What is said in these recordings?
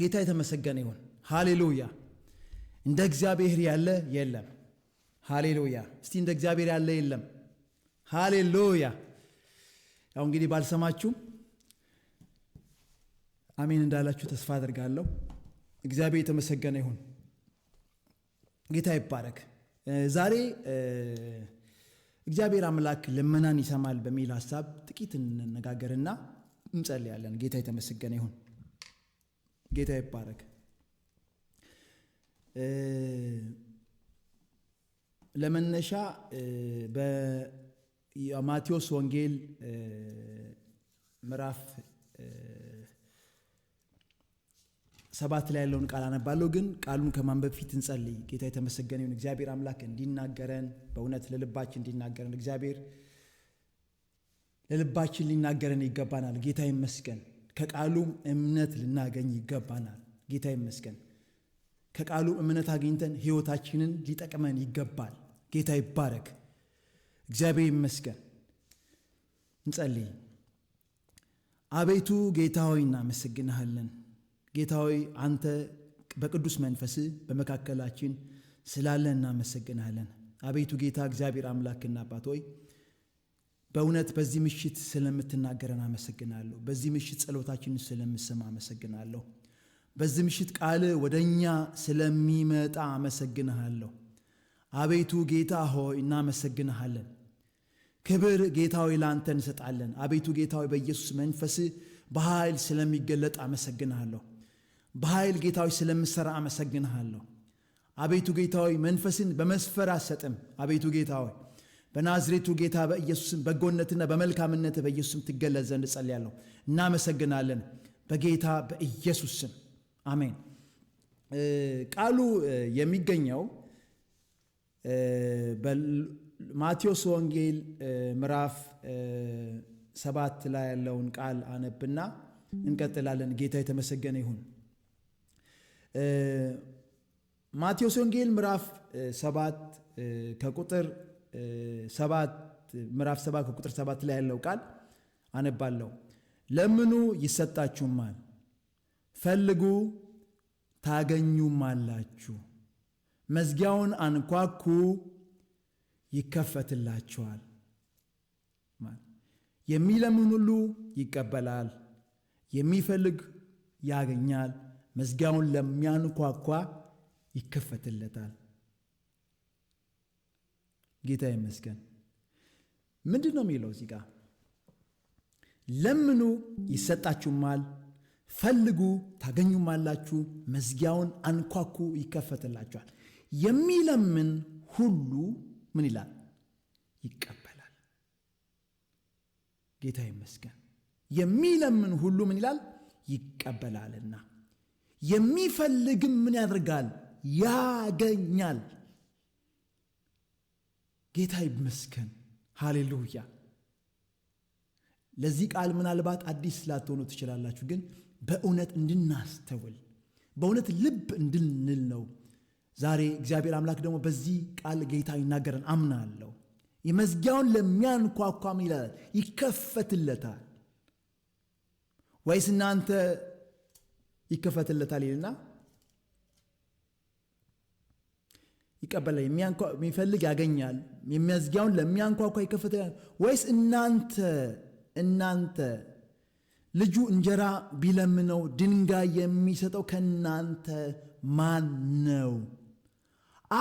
ጌታ የተመሰገነ ይሁን። ሃሌሉያ። እንደ እግዚአብሔር ያለ የለም። ሃሌሉያ። እስቲ እንደ እግዚአብሔር ያለ የለም። ሃሌሉያ። ያው እንግዲህ ባልሰማችሁም አሜን እንዳላችሁ ተስፋ አድርጋለሁ። እግዚአብሔር የተመሰገነ ይሁን። ጌታ ይባረክ። ዛሬ እግዚአብሔር አምላክ ልመናን ይሰማል በሚል ሀሳብ ጥቂት እንነጋገርና እንጸልያለን። ጌታ የተመሰገነ ይሁን። ጌታ ይባረክ። ለመነሻ በማቴዎስ ወንጌል ምዕራፍ ሰባት ላይ ያለውን ቃል አነባለሁ። ግን ቃሉን ከማንበብ ፊት እንጸልይ። ጌታ የተመሰገነ ይሁን። እግዚአብሔር አምላክ እንዲናገረን በእውነት ለልባችን እንዲናገረን እግዚአብሔር ለልባችን ሊናገረን ይገባናል። ጌታ ይመስገን። ከቃሉም እምነት ልናገኝ ይገባናል። ጌታ ይመስገን። ከቃሉ እምነት አግኝተን ሕይወታችንን ሊጠቅመን ይገባል። ጌታ ይባረክ። እግዚአብሔር ይመስገን። እንጸልይ። አቤቱ ጌታ ሆይ እናመሰግንሃለን። ጌታ ሆይ አንተ በቅዱስ መንፈስ በመካከላችን ስላለን እናመሰግንሃለን። አቤቱ ጌታ እግዚአብሔር አምላክና አባት ሆይ በእውነት በዚህ ምሽት ስለምትናገረን አመሰግናለሁ። በዚህ ምሽት ጸሎታችንን ስለምሰማ አመሰግናለሁ። በዚህ ምሽት ቃል ወደ እኛ ስለሚመጣ አመሰግንሃለሁ። አቤቱ ጌታ ሆይ እናመሰግንሃለን። ክብር ጌታ ሆይ ለአንተ እንሰጣለን። አቤቱ ጌታ ሆይ በኢየሱስ መንፈስ በኃይል ስለሚገለጥ አመሰግንሃለሁ። በኃይል ጌታ ሆይ ስለምሰራ አመሰግንሃለሁ። አቤቱ ጌታ ሆይ መንፈስን በመስፈር አሰጥም። አቤቱ ጌታ ሆይ በናዝሬቱ ጌታ በኢየሱስም በጎነትና በመልካምነት በኢየሱስም ትገለጽ ዘንድ ጸልያለሁ። እናመሰግናለን በጌታ በኢየሱስ ስም አሜን። ቃሉ የሚገኘው በማቴዎስ ወንጌል ምዕራፍ ሰባት ላይ ያለውን ቃል አነብና እንቀጥላለን። ጌታ የተመሰገነ ይሁን። ማቴዎስ ወንጌል ምዕራፍ ሰባት ከቁጥር ሰባት ምዕራፍ ሰባት ከቁጥር ሰባት ላይ ያለው ቃል አነባለሁ። ለምኑ ይሰጣችሁማል፣ ፈልጉ ታገኙማላችሁ፣ መዝጊያውን አንኳኩ ይከፈትላችኋል። የሚለምን ሁሉ ይቀበላል፣ የሚፈልግ ያገኛል፣ መዝጊያውን ለሚያንኳኳ ይከፈትለታል። ጌታ ይመስገን። ምንድን ነው የሚለው እዚህ ጋር? ለምኑ ይሰጣችሁማል፣ ፈልጉ ታገኙማላችሁ፣ መዝጊያውን አንኳኩ ይከፈትላችኋል። የሚለምን ሁሉ ምን ይላል? ይቀበላል። ጌታ ይመስገን። የሚለምን ሁሉ ምን ይላል? ይቀበላልና የሚፈልግም ምን ያደርጋል? ያገኛል። ጌታ ይመስገን። ሃሌሉያ። ለዚህ ቃል ምናልባት አዲስ ላትሆኑ ትችላላችሁ፣ ግን በእውነት እንድናስተውል በእውነት ልብ እንድንል ነው። ዛሬ እግዚአብሔር አምላክ ደግሞ በዚህ ቃል ጌታ ይናገረን አለው የመዝጊያውን ለሚያንኳኳም ይላል ይከፈትለታል፣ ወይስ እናንተ ይከፈትለታል ይልና ይቀበላል። የሚፈልግ ያገኛል። የሚያዝጊያውን ለሚያንኳኳ ይከፍታል። ወይስ እናንተ እናንተ ልጁ እንጀራ ቢለምነው ድንጋይ የሚሰጠው ከእናንተ ማን ነው?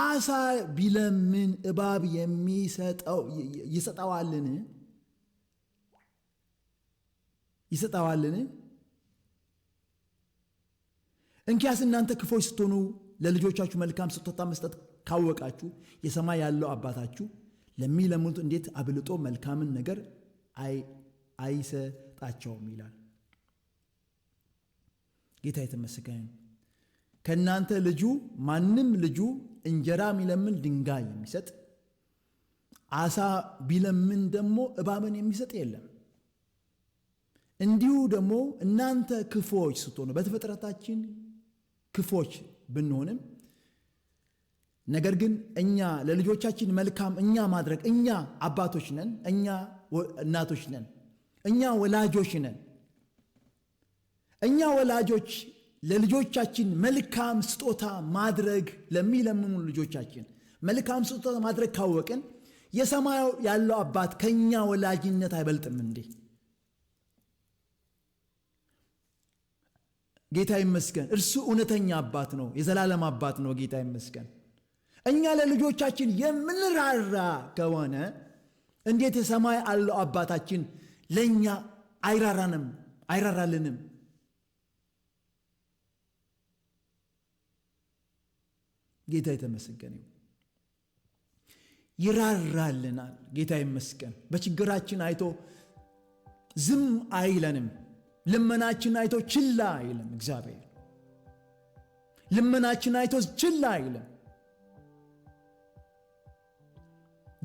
አሳ ቢለምን እባብ የሚሰጠው ይሰጠዋልን? ይሰጠዋልን? እንኪያስ እናንተ ክፎች ስትሆኑ ለልጆቻችሁ መልካም ስጦታ መስጠት ካወቃችሁ የሰማይ ያለው አባታችሁ ለሚለምኑት እንዴት አብልጦ መልካምን ነገር አይሰጣቸውም ይላል። ጌታ የተመሰገነ ከእናንተ ልጁ ማንም ልጁ እንጀራ የሚለምን ድንጋይ የሚሰጥ አሳ ቢለምን ደግሞ እባብን የሚሰጥ የለም። እንዲሁ ደግሞ እናንተ ክፎች ስትሆኑ በተፈጥረታችን ክፎች ብንሆንም ነገር ግን እኛ ለልጆቻችን መልካም እኛ ማድረግ እኛ አባቶች ነን፣ እኛ እናቶች ነን፣ እኛ ወላጆች ነን። እኛ ወላጆች ለልጆቻችን መልካም ስጦታ ማድረግ ለሚለምኑ ልጆቻችን መልካም ስጦታ ማድረግ ካወቅን የሰማዩ ያለው አባት ከእኛ ወላጅነት አይበልጥም እንዴ? ጌታ ይመስገን። እርሱ እውነተኛ አባት ነው፣ የዘላለም አባት ነው። ጌታ ይመስገን። እኛ ለልጆቻችን የምንራራ ከሆነ እንዴት የሰማይ አለው አባታችን ለእኛ አይራራንም አይራራልንም? ጌታ የተመሰገነ ይራራልናል። ጌታ ይመስገን። በችግራችን አይቶ ዝም አይለንም። ልመናችን አይቶ ችላ አይልም። እግዚአብሔር ልመናችን አይቶ ችላ አይልም።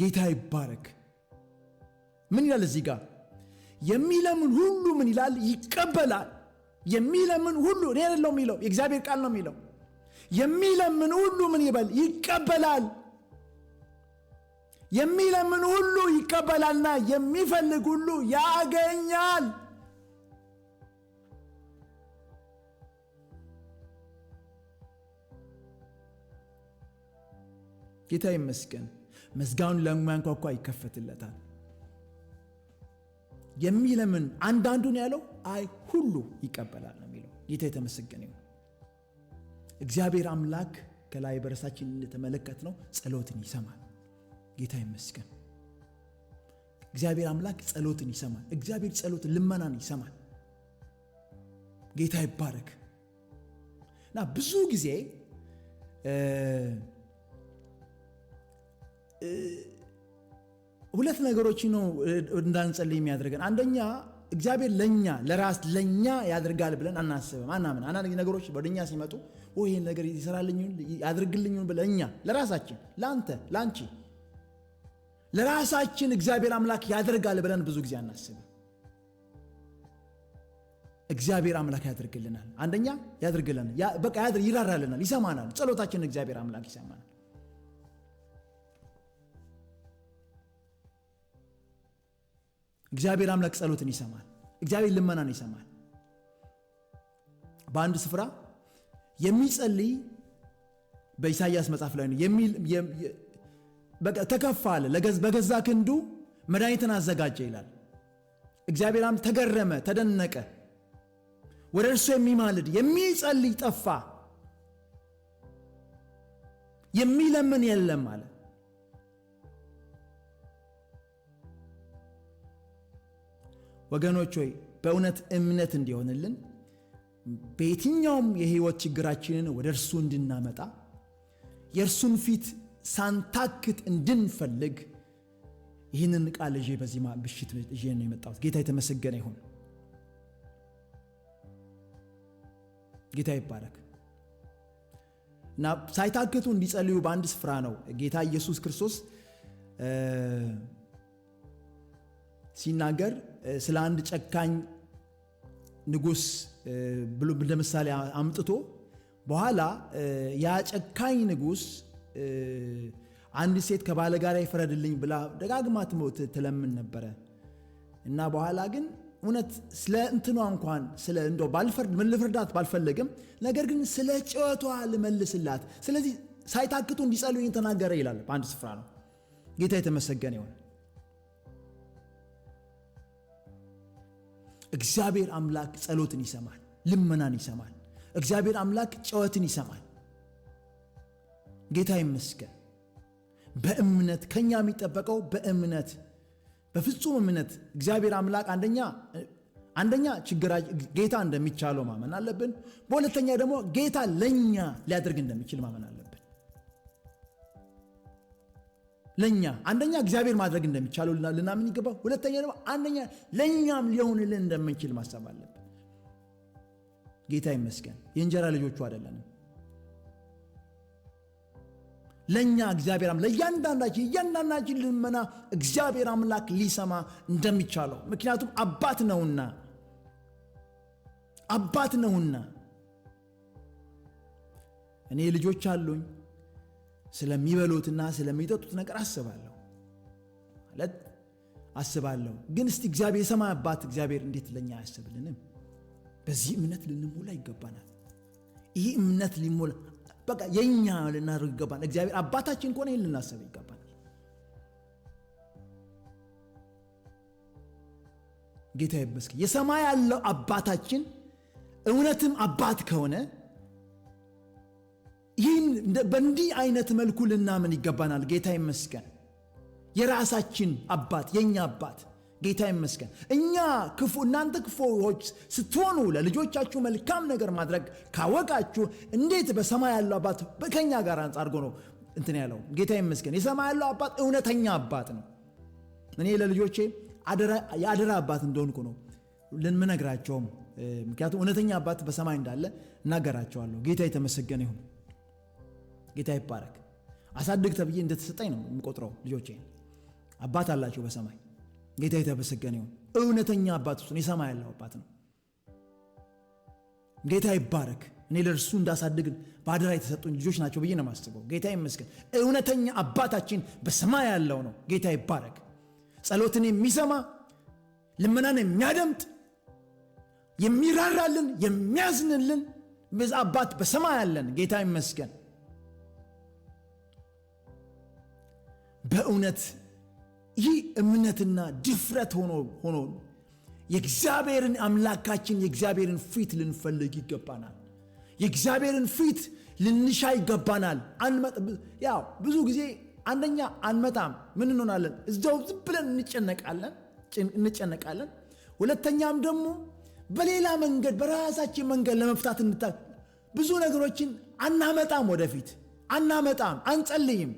ጌታ ይባረክ። ምን ይላል እዚህ ጋር? የሚለምን ሁሉ ምን ይላል? ይቀበላል። የሚለምን ሁሉ እኔ አይደለሁም የሚለው የእግዚአብሔር ቃል ነው የሚለው። የሚለምን ሁሉ ምን ይበል? ይቀበላል። የሚለምን ሁሉ ይቀበላልና የሚፈልግ ሁሉ ያገኛል። ጌታ ይመስገን። መዝጋውን ለማያንኳኳ ይከፈትለታል የሚለምን አንዳንዱን ያለው አይ ሁሉ ይቀበላል ነው የሚለው። ጌታ የተመሰገነ ይሁን። እግዚአብሔር አምላክ ከላይ በረሳችን እንደተመለከት ነው ጸሎትን ይሰማል። ጌታ ይመስገን። እግዚአብሔር አምላክ ጸሎትን ይሰማል። እግዚአብሔር ጸሎት ልመናን ይሰማል። ጌታ ይባረክ እና ብዙ ጊዜ ሁለት ነገሮች ነው እንዳንጸልይ የሚያደርገን። አንደኛ እግዚአብሔር ለእኛ ለራስ ለእኛ ያደርጋል ብለን አናስብም፣ አናምን። አንዳንድ ነገሮች ወደኛ ሲመጡ ወይ ይህን ነገር ይሰራልኝ ያድርግልኝ ብለን እኛ ለራሳችን ለአንተ ለአንቺ ለራሳችን እግዚአብሔር አምላክ ያደርጋል ብለን ብዙ ጊዜ አናስብም። እግዚአብሔር አምላክ ያደርግልናል። አንደኛ ያደርግልናል፣ በቃ ይራራልናል፣ ይሰማናል። ጸሎታችን እግዚአብሔር አምላክ ይሰማናል። እግዚአብሔር አምላክ ጸሎትን ይሰማል። እግዚአብሔር ልመናን ይሰማል። በአንድ ስፍራ የሚጸልይ በኢሳይያስ መጽሐፍ ላይ ነው ተከፋ አለ፣ በገዛ ክንዱ መድኃኒትን አዘጋጀ ይላል። እግዚአብሔርም ተገረመ፣ ተደነቀ። ወደ እርሱ የሚማልድ የሚጸልይ ጠፋ፣ የሚለምን የለም አለ። ወገኖች ሆይ በእውነት እምነት እንዲሆንልን በየትኛውም የህይወት ችግራችንን ወደ እርሱ እንድናመጣ የእርሱን ፊት ሳንታክት እንድንፈልግ ይህንን ቃል ይዤ በዚህ ብሽት ይዤ ነው የመጣሁት። ጌታ የተመሰገነ ይሁን። ጌታ ይባረክ እና ሳይታክቱ እንዲጸልዩ በአንድ ስፍራ ነው ጌታ ኢየሱስ ክርስቶስ ሲናገር ስለ አንድ ጨካኝ ንጉስ ብሎ እንደ ምሳሌ አምጥቶ በኋላ ያ ጨካኝ ንጉስ አንዲት ሴት ከባለ ጋር ይፍረድልኝ ብላ ደጋግማ ትሞት ትለምን ነበረ እና በኋላ ግን እውነት ስለ እንትኗ እንኳን ስለ እንደ ባልፈርድ ምን ልፍርዳት ባልፈለግም፣ ነገር ግን ስለ ጭወቷ ልመልስላት፣ ስለዚህ ሳይታክቱ እንዲጸልዩ ተናገረ ይላል። በአንድ ስፍራ ነው። ጌታ የተመሰገነ ይሆን። እግዚአብሔር አምላክ ጸሎትን ይሰማል፣ ልመናን ይሰማል። እግዚአብሔር አምላክ ጨወትን ይሰማል። ጌታ ይመስገን። በእምነት ከኛ የሚጠበቀው በእምነት በፍጹም እምነት እግዚአብሔር አምላክ አንደኛ አንደኛ ችግራ ጌታ እንደሚቻለው ማመን አለብን። በሁለተኛ ደግሞ ጌታ ለእኛ ሊያደርግ እንደሚችል ማመን አለብን። ለእኛ አንደኛ እግዚአብሔር ማድረግ እንደሚቻለው ልናምን ይገባል። ሁለተኛ ደግሞ አንደኛ ለእኛም ሊሆንልን እንደምንችል ማሰብ አለብን። ጌታ ይመስገን የእንጀራ ልጆቹ አይደለንም። ለእኛ እግዚአብሔር ለእያንዳንዳችን እያንዳንዳችን ልመና እግዚአብሔር አምላክ ሊሰማ እንደሚቻለው ምክንያቱም አባት ነውና አባት ነውና እኔ ልጆች አሉኝ ስለሚበሉትና ስለሚጠጡት ነገር አስባለሁ ማለት አስባለሁ። ግን እስቲ እግዚአብሔር የሰማይ አባት እግዚአብሔር እንዴት ለኛ አያስብልንም? በዚህ እምነት ልንሞላ ይገባናል። ይህ እምነት ሊሞላ በቃ የእኛ ልናደርግ ይገባል። እግዚአብሔር አባታችን ከሆነ ይህን ልናስብ ይገባናል። ጌታ ይመስገን። የሰማይ ያለው አባታችን እውነትም አባት ከሆነ ይህን በእንዲህ አይነት መልኩ ልናምን ይገባናል። ጌታ ይመስገን የራሳችን አባት የእኛ አባት ጌታ ይመስገን። እኛ ክፉ እናንተ ክፉዎች ስትሆኑ ለልጆቻችሁ መልካም ነገር ማድረግ ካወቃችሁ እንዴት በሰማይ ያለው አባት ከኛ ጋር አንጻር አድርጎ ነው እንትን ያለው። ጌታ ይመስገን የሰማይ ያለው አባት እውነተኛ አባት ነው። እኔ ለልጆቼ የአደራ አባት እንደሆንኩ ነው ልንምነግራቸውም ምክንያቱም እውነተኛ አባት በሰማይ እንዳለ እናገራቸዋለሁ። ጌታ የተመሰገነ ይሁን። ጌታ ይባረክ። አሳድግ ተብዬ እንደተሰጠኝ ነው የምቆጥረው። ልጆቼ አባት አላቸው በሰማይ ጌታ የተመሰገነ ይሁን። እውነተኛ አባት እሱን የሰማይ ያለው አባት ነው። ጌታ ይባረክ። እኔ ለእርሱ እንዳሳድግ በአደራ የተሰጡኝ ልጆች ናቸው ብዬ ነው የማስበው። ጌታ ይመስገን። እውነተኛ አባታችን በሰማይ ያለው ነው። ጌታ ይባረክ። ጸሎትን የሚሰማ ልመናን የሚያደምጥ የሚራራልን፣ የሚያዝንልን አባት በሰማይ ያለን ጌታ ይመስገን። በእውነት ይህ እምነትና ድፍረት ሆኖ ሆኖ የእግዚአብሔርን አምላካችን የእግዚአብሔርን ፊት ልንፈልግ ይገባናል። የእግዚአብሔርን ፊት ልንሻ ይገባናል። ያው ብዙ ጊዜ አንደኛ አንመጣም፣ ምን እንሆናለን? እዛው ዝም ብለን እንጨነቃለን። ሁለተኛም ደግሞ በሌላ መንገድ በራሳችን መንገድ ለመፍታት እንታ ብዙ ነገሮችን አናመጣም፣ ወደፊት አናመጣም፣ አንጸልይም።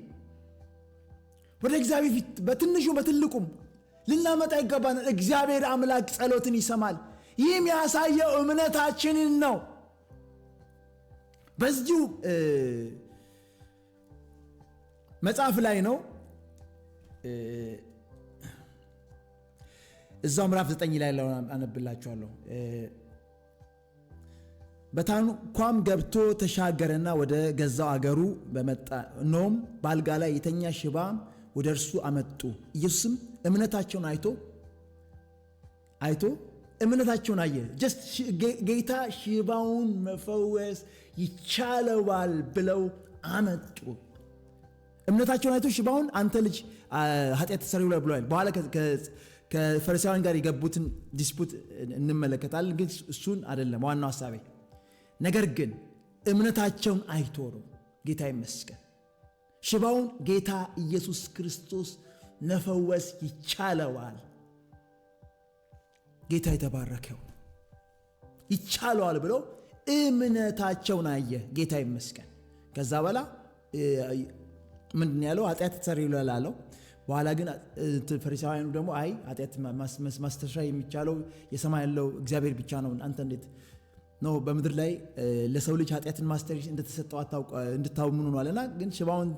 ወደ እግዚአብሔር ፊት በትንሹ በትልቁም ልናመጣ ይገባናል። እግዚአብሔር አምላክ ጸሎትን ይሰማል። ይህም ያሳየው እምነታችንን ነው። በዚሁ መጽሐፍ ላይ ነው እዛው ምዕራፍ ዘጠኝ ላይ ያለው አነብላችኋለሁ። በታንኳም ገብቶ ተሻገረና ወደ ገዛው አገሩ በመጣ ኖም በአልጋ ላይ የተኛ ሽባም ወደ እርሱ አመጡ። ኢየሱስም እምነታቸውን አይቶ አይቶ እምነታቸውን አየ። ጀስት ጌታ ሽባውን መፈወስ ይቻለዋል ብለው አመጡ። እምነታቸውን አይቶ ሽባውን አንተ ልጅ ኃጢአት ተሰሪ ብሎ ብለዋል። በኋላ ከፈሪሳውያን ጋር የገቡትን ዲስፑት እንመለከታለን፣ ግን እሱን አይደለም ዋናው ሀሳቤ። ነገር ግን እምነታቸውን አይቶ ነው። ጌታ ይመስገን። ሽባውን ጌታ ኢየሱስ ክርስቶስ መፈወስ ይቻለዋል። ጌታ የተባረከው ይቻለዋል ብለው እምነታቸውን አየ። ጌታ ይመስገን። ከዛ በላ ምንድን ያለው ኃጢአት ተሰሪ ይላለው። በኋላ ግን ፈሪሳውያኑ ደግሞ አይ ኃጢአት ማስተሻ የሚቻለው የሰማይ ያለው እግዚአብሔር ብቻ ነው፣ አንተ እንዴት ነው በምድር ላይ ለሰው ልጅ ኃጢአትን ማስተሬት እንደተሰጠው እንድታምኑ ነው አለና። ግን ሽባውን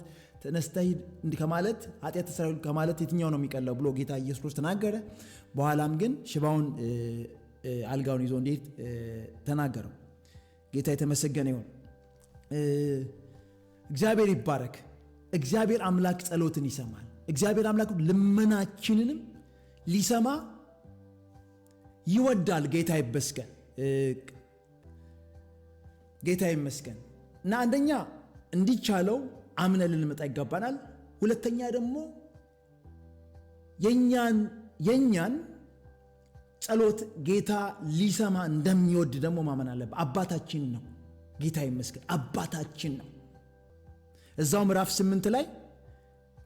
ተነስተህ ሂድ ከማለት ኃጢአት ተሰራ ከማለት የትኛው ነው የሚቀለው ብሎ ጌታ ኢየሱስ ክርስቶስ ተናገረ። በኋላም ግን ሽባውን አልጋውን ይዞ እንዴት ተናገረው። ጌታ የተመሰገነ ይሁን። እግዚአብሔር ይባረክ። እግዚአብሔር አምላክ ጸሎትን ይሰማል። እግዚአብሔር አምላክ ልመናችንንም ሊሰማ ይወዳል። ጌታ ይመስገን። ጌታ ይመስገን እና አንደኛ እንዲቻለው አምነን ልንመጣ ይገባናል። ሁለተኛ ደግሞ የእኛን ጸሎት ጌታ ሊሰማ እንደሚወድ ደግሞ ማመን አለብን። አባታችን ነው፣ ጌታ ይመስገን አባታችን ነው። እዛው ምዕራፍ ስምንት ላይ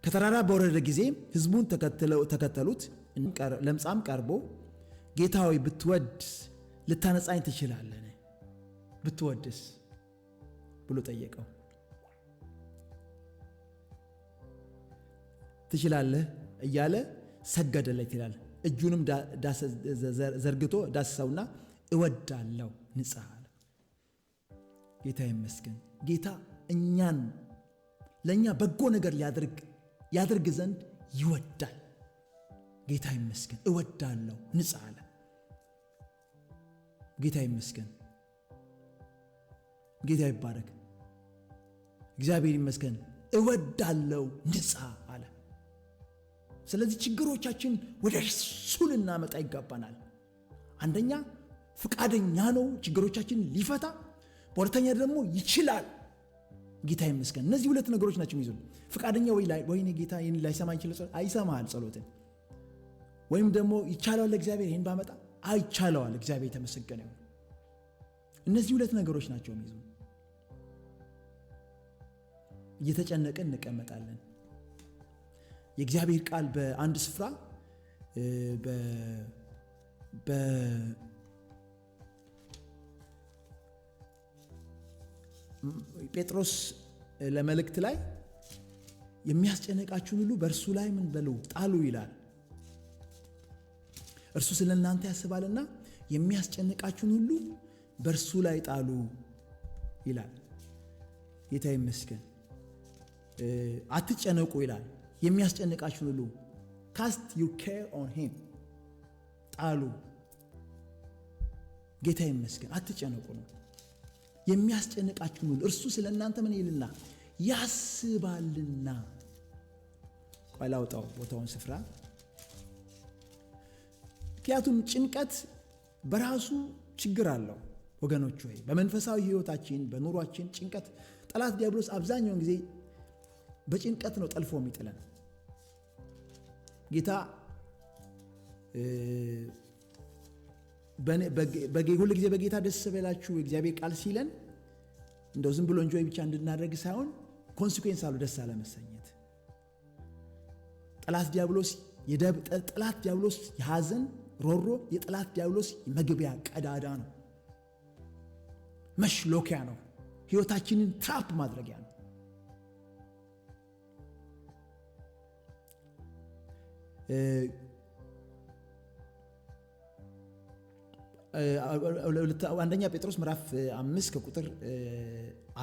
ከተራራ በወረደ ጊዜ ህዝቡን ተከተሉት። ለምጻም ቀርቦ ጌታ ሆይ ብትወድ ልታነጻኝ ትችላለን ብትወድስ ብሎ ጠየቀው። ትችላለህ እያለ ሰገደለት ይላል። እጁንም ዘርግቶ ዳሰሰውና እወዳለው ንጻ አለ። ጌታ ይመስገን። ጌታ እኛን ለእኛ በጎ ነገር ያደርግ ዘንድ ይወዳል። ጌታ ይመስገን። እወዳለው ንጻ አለ። ጌታ ይመስገን። ጌታ ይባረክ። እግዚአብሔር ይመስገን። እወዳለው ንጻ አለ። ስለዚህ ችግሮቻችን ወደ እርሱ ልናመጣ ይገባናል። አንደኛ ፍቃደኛ ነው ችግሮቻችን ሊፈታ፣ በሁለተኛ ደግሞ ይችላል። ጌታ ይመስገን። እነዚህ ሁለት ነገሮች ናቸው የሚይዙን። ፈቃደኛ ወይ ጌታ ይህን ላይሰማ ይችል አይሰማል ጸሎትን ወይም ደግሞ ይቻለዋል እግዚአብሔር ይህን ባመጣ አይቻለዋል እግዚአብሔር የተመሰገነ ይሁን። እነዚህ ሁለት ነገሮች ናቸው የሚይዙ። እየተጨነቅን እንቀመጣለን። የእግዚአብሔር ቃል በአንድ ስፍራ ጴጥሮስ ለመልእክት ላይ የሚያስጨነቃችሁን ሁሉ በእርሱ ላይ ምን በሉ ጣሉ ይላል። እርሱ ስለ እናንተ ያስባልና የሚያስጨንቃችሁን ሁሉ በእርሱ ላይ ጣሉ ይላል። ጌታ ይመስገን። አትጨነቁ ይላል። የሚያስጨንቃችሁን ሁሉ ካስት ዩ ኬር ኦን ሂም ጣሉ። ጌታ ይመስገን። አትጨነቁ ነው። የሚያስጨንቃችሁን ሁሉ እርሱ ስለ እናንተ ምን ይልና ያስባልና። ቆይ ላውጣው ቦታውን ስፍራ። ምክንያቱም ጭንቀት በራሱ ችግር አለው ወገኖች። ወይ በመንፈሳዊ ህይወታችን፣ በኑሯችን ጭንቀት ጠላት ዲያብሎስ አብዛኛውን ጊዜ በጭንቀት ነው ጠልፎ የሚጥለን ጌታ ሁል ጊዜ በጌታ ደስ በላችሁ እግዚአብሔር ቃል ሲለን እንደው ዝም ብሎ እንጆይ ብቻ እንድናደርግ ሳይሆን ኮንሲኩዌንስ አሉ ደስ አለመሰኘት። ጠላት ዲያብሎስ ጠላት ዲያብሎስ የሐዘን ሮሮ የጠላት ዲያብሎስ መግቢያ ቀዳዳ ነው፣ መሽሎኪያ ነው፣ ህይወታችንን ትራፕ ማድረጊያ ነው። Eh, eh, አንደኛ ጴጥሮስ ምዕራፍ eh, አምስት ከቁጥር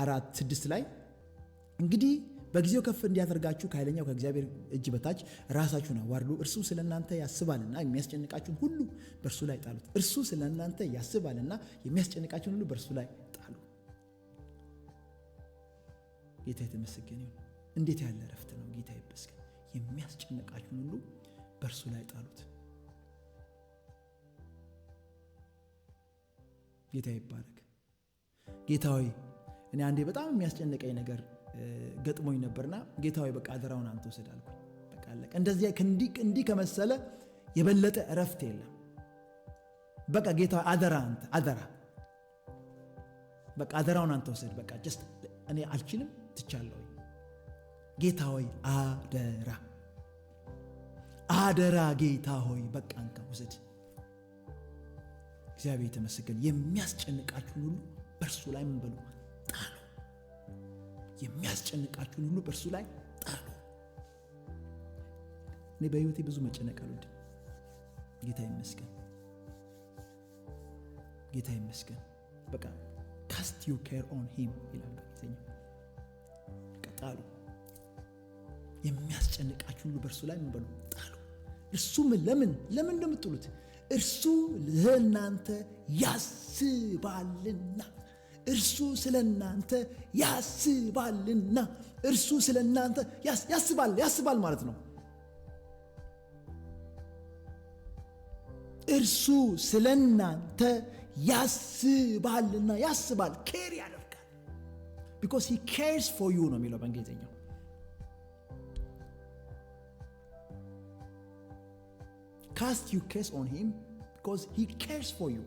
አራት ስድስት ላይ እንግዲህ በጊዜው ከፍ እንዲያደርጋችሁ ከኃይለኛው ከእግዚአብሔር እጅ በታች ራሳችሁን አዋርዱ፣ እርሱ ስለ እናንተ ያስባልና የሚያስጨንቃችሁን ሁሉ በእርሱ ላይ ጣሉት። እርሱ ስለ እናንተ ያስባልና የሚያስጨንቃችሁን ሁሉ በእርሱ ላይ ጣሉ። ጌታ የተመሰገነ ይሁን። እንዴት ያለ እረፍት ነው! ጌታ ይመስገን። የሚያስጨንቃችሁን ሁሉ በእርሱ ላይ ጣሉት። ጌታ ይባረክ። ጌታዊ እኔ አንዴ በጣም የሚያስጨንቀኝ ነገር ገጥሞኝ ነበርና ጌታዊ በቃ አደራውን አንተ ውሰድ አልኩኝ። በቃ አለቀ። እንደዚያ እንዲህ ከመሰለ የበለጠ እረፍት የለም። በቃ ጌታ አደራ አንተ አደራ በቃ አደራውን አንተ ወሰድ በቃ ጀስት እኔ አልችልም ትቻለሁ ጌታ ጌታዊ አደራ አደራ ጌታ ሆይ በቃ እንካ ውሰድ። እግዚአብሔር የተመሰገነ። የሚያስጨንቃችሁን ሁሉ በእርሱ ላይ ምን በሉ ጣሉ። የሚያስጨንቃችሁን ሁሉ በእርሱ ላይ ጣሉ። እኔ በህይወቴ ብዙ መጨነቅ አልወድም። ጌታ ይመስገን፣ ጌታ ይመስገን። በቃ ካስት ዩ ኬር ኦን ሂም ይላል በእንግሊዝኛ። ቀጣሉ። የሚያስጨንቃችሁን ሁሉ በእርሱ ላይ ምን በሉ እርሱ ለምን ለምን እንደምትሉት እርሱ ለእናንተ ያስባልና እርሱ ስለ እናንተ ያስባልና እርሱ ስለ እናንተ ያስባል ያስባል ማለት ነው። እርሱ ስለ እናንተ ያስባልና ያስባል ኬር ያደርጋል ቢኮስ ሂ ኬርስ ፎር ዩ ነው የሚለው በእንግሊዝኛ ካስት ዩ ኬርስ ኦን ሂም ቢኮዝ ሂ ኬርስ ፎር ዩ።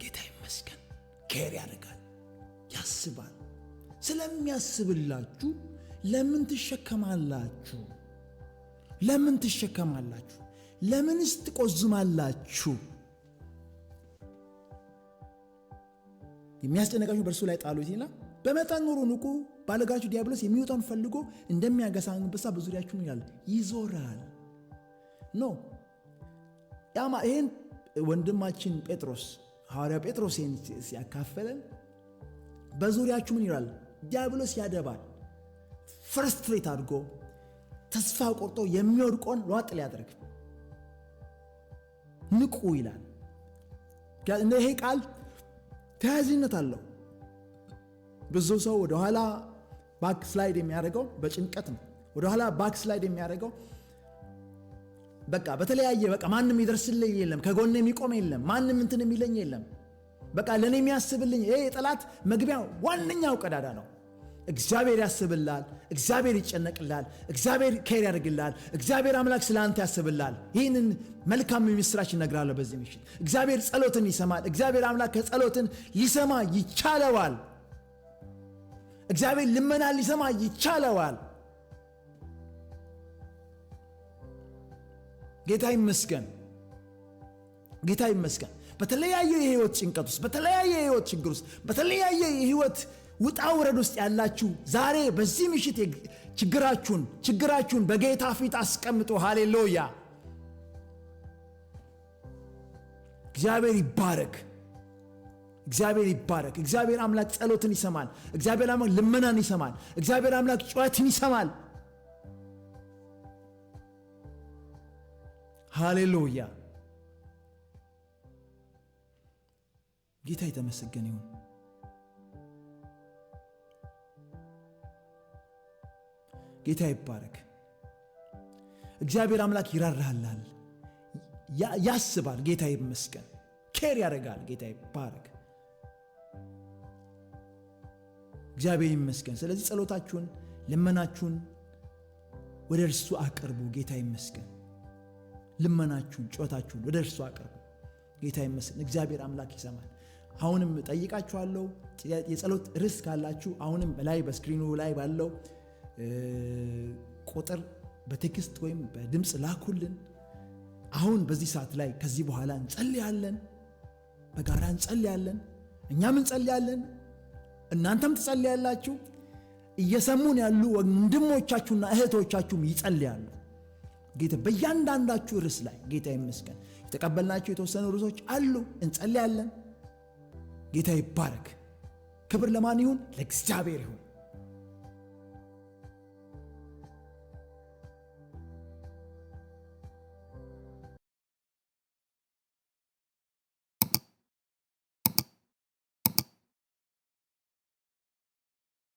ጌታ ይመስገን፣ ኬር ያደርጋል፣ ያስባል። ስለሚያስብላችሁ ለምን ትሸከማላችሁ? ለምን ትሸከማላችሁ? ለምንስ ትቆዝማላችሁ? የሚያስጨነቃችሁ በእርሱ ላይ ጣሉ ይላል። በመጠን ኑሩ፣ ንቁ፣ ባለጋችሁ ዲያብሎስ የሚወጣውን ፈልጎ እንደሚያገሳ አንበሳ በዙሪያችሁ ይላል፣ ይዞራል። ኖ ያማ ይህን ወንድማችን ጴጥሮስ ሐዋርያ ጴጥሮስ ይህን ሲያካፈለን በዙሪያችሁ ምን ይላል? ዲያብሎስ ያደባል፣ ፍርስትሬት አድርጎ ተስፋ ቆርጦ የሚወድቆን ሏጥ ሊያደርግ ንቁ ይላል። ይሄ ቃል ተያያዥነት አለው። ብዙ ሰው ወደኋላ ባክስላይድ የሚያደርገው በጭንቀት ነው። ወደኋላ ባክስላይድ የሚያደርገው በቃ በተለያየ በቃ ማንም ይደርስልኝ የለም፣ ከጎን የሚቆም የለም፣ ማንም እንትን የሚለኝ የለም። በቃ ለእኔ የሚያስብልኝ ይሄ የጠላት መግቢያ ዋነኛው ቀዳዳ ነው። እግዚአብሔር ያስብላል። እግዚአብሔር ይጨነቅላል። እግዚአብሔር ኬር ያደርግላል። እግዚአብሔር አምላክ ስለ አንተ ያስብላል። ይህንን መልካም ምስራች እነግራለሁ በዚህ ምሽት። እግዚአብሔር ጸሎትን ይሰማል። እግዚአብሔር አምላክ ከጸሎትን ሊሰማ ይቻለዋል። እግዚአብሔር ልመና ሊሰማ ይቻለዋል። ጌታ ይመስገን፣ ጌታ ይመስገን። በተለያየ የህይወት ጭንቀት ውስጥ፣ በተለያየ የህይወት ችግር ውስጥ፣ በተለያየ የህይወት ውጣ ውረድ ውስጥ ያላችሁ ዛሬ በዚህ ምሽት ችግራችሁን ችግራችሁን በጌታ ፊት አስቀምጡ። ሃሌሉያ! እግዚአብሔር ይባረክ። እግዚአብሔር ይባረክ። እግዚአብሔር አምላክ ጸሎትን ይሰማል። እግዚአብሔር አምላክ ልመናን ይሰማል። እግዚአብሔር አምላክ ጩኸትን ይሰማል። ሃሌሉያ! ጌታ የተመሰገነ ይሁን። ጌታ ይባረክ። እግዚአብሔር አምላክ ይራራሃል፣ ያስባል። ጌታ ይመስገን። ኬር ያደርጋል። ጌታ ይባረክ። እግዚአብሔር ይመስገን። ስለዚህ ጸሎታችሁን፣ ልመናችሁን ወደ እርሱ አቅርቡ። ጌታ ይመስገን። ልመናችሁን፣ ጩኸታችሁን ወደ እርሱ አቅርቡ። ጌታ ይመስገን፣ እግዚአብሔር አምላክ ይሰማል። አሁንም ጠይቃችኋለሁ። የጸሎት ርዕስ ካላችሁ አሁንም ላይ በስክሪኑ ላይ ባለው ቁጥር በቴክስት ወይም በድምፅ ላኩልን። አሁን በዚህ ሰዓት ላይ ከዚህ በኋላ እንጸልያለን፣ በጋራ እንጸልያለን፣ እኛም እንጸልያለን፣ እናንተም ትጸልያላችሁ። እየሰሙን ያሉ ወንድሞቻችሁና እህቶቻችሁም ይጸልያሉ። ጌታ በእያንዳንዳችሁ ርዕስ ላይ ጌታ ይመስገን። የተቀበልናቸው የተወሰኑ ርዕሶች አሉ፣ እንጸልያለን። ጌታ ይባረክ። ክብር ለማን ይሁን? ለእግዚአብሔር ይሁን።